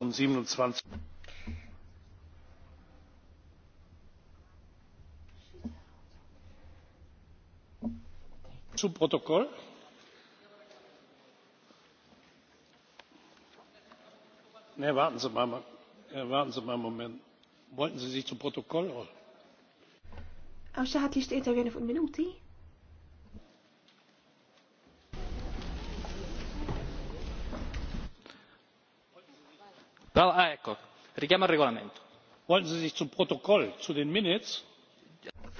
um Zum Protokoll. Ne, warten Sie mal, äh, warten Sie mal einen Moment. Wollten Sie sich zum Protokoll? Għaw xaħat li xtiqta għjani fuq minuti? Ah, fuq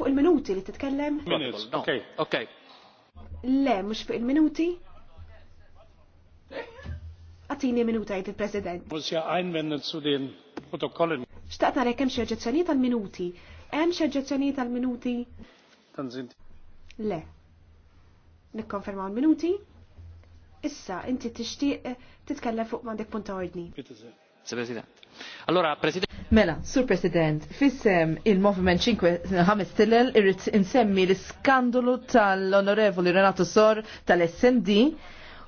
il-minuti li titkellem? Minutes, Le, mux fuq il-minuti? Għatini minuta jgħid il-President. Muss ja einwenden hemm xi oġġezzjoni tal-minuti. Hemm xi oġġezzjoni tal-minuti? Le. Nikkonfermaw il-minuti? Issa inti tixtieq eh, titkellem fuq m'għandek punta ordni. Bitte Allora, President. Mela, Sur President, fissem il-Movement 5 5 Stillel irrit insemmi l-skandolu tal-Onorevoli Renato Sor tal-SND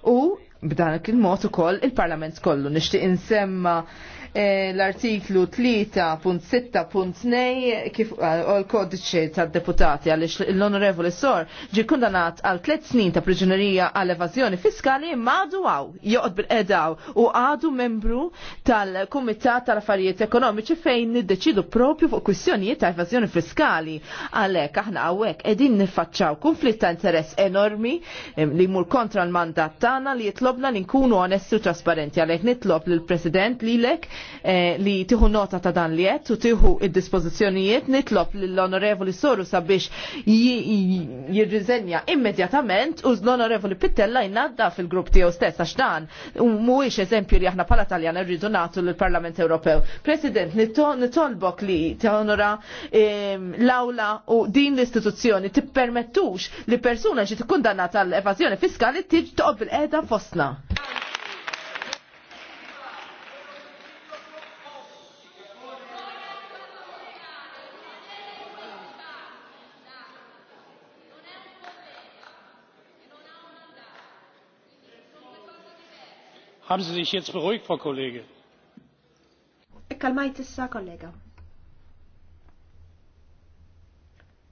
u b'dan il-mod ukoll il-Parlament kollu nixtieq insemma eh, l-artiklu 3.6.2 kif eh, għal kodiċi tad deputati għaliex l-onorevoli sor ġi kundanat għal tliet snin ta' priġunerija għal evażjoni fiskali għadu għaw joqt bil-edaw u għadu membru tal-Kumitat tal-Affarijiet Ekonomiċi fejn niddeċidu propju fuq kwistjonijiet ta' evażjoni fiskali għalhekk aħna għawek, qegħdin nifacċaw konflitt ta' interess enormi eh, li jmur kontra l-mandat tagħna li jitlob nitlobna li nkunu onesti u trasparenti għalek nitlob l president eh, li lek li tiħu nota ta' dan li jett u tiħu id-dispozizjonijiet nitlob l-onorevoli Soru sabiex jirriżenja immedjatament u l-onorevoli Pittella jnadda fil-grupp tiegħu stess għax dan u mhuwiex eżempju li aħna pala Taljan rridu nagħtu lill-Parlament Ewropew. President, nitolbok li tonora ehm, l-awla u din l-istituzzjoni tippermettux li persuna ġi tikkundannata għall evażjoni fiskali tiġi toqob bil-qiegħda fostna ħafna. Haben Sie sich jetzt beruhigt, Frau Kollege? Ikkalmajt issa, kollega.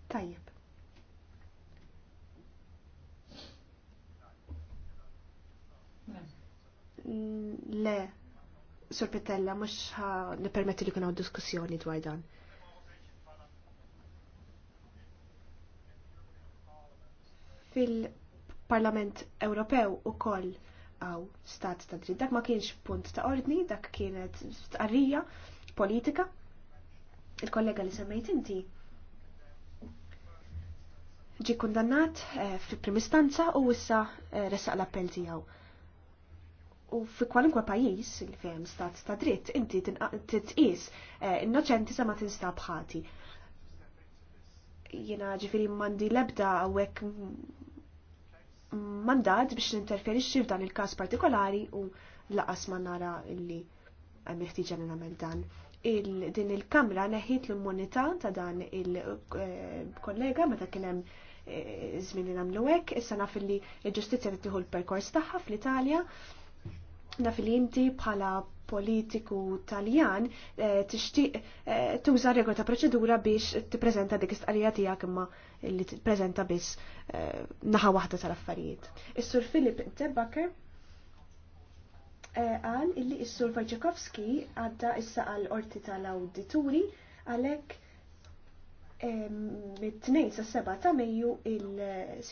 Tajjeb. Le, Sur Pitella, mux nipermetti li kunaw diskussjoni dwar dan. Fil-Parlament Ewropew u koll għaw stat ta' dritt. Dak ma kienx punt ta' ordni, dak kienet arrija politika. Il-kollega li semmejt inti ġi kundannat eh, fil-prim primistanza u issa eh, resaq l-appell tijaw. U fi kwalunkwe pajis, il fem stat ta' dritt, inti t-tqis, eh, innoċenti sa' ma tinstab ħati. Jena ġifiri mandi lebda għawek mandat biex ninterferixxi f'dan il-każ partikolari u laqas ma nara illi meħtieġa għamil dan. din il-kamra neħħit l-immunità ta' dan il-kollega meta kien hemm eh, żmien li nagħmlu hekk, issa naf illi l t-tiħu l-perkors tagħha fl-Italja Naf li inti bħala politiku taljan eh, tixtieq eh, tuża regola ta' proċedura biex tippreżenta dik istqarrija tiegħek imma li tippreżenta biss eh, naħa waħda tal-affarijiet. Is-Sur Filip Tebaker qal illi is-Sur Wojciechowski għadda issa għal orti tal-awdituri għalhekk mit-tnejn sa' seba' ta' Mejju il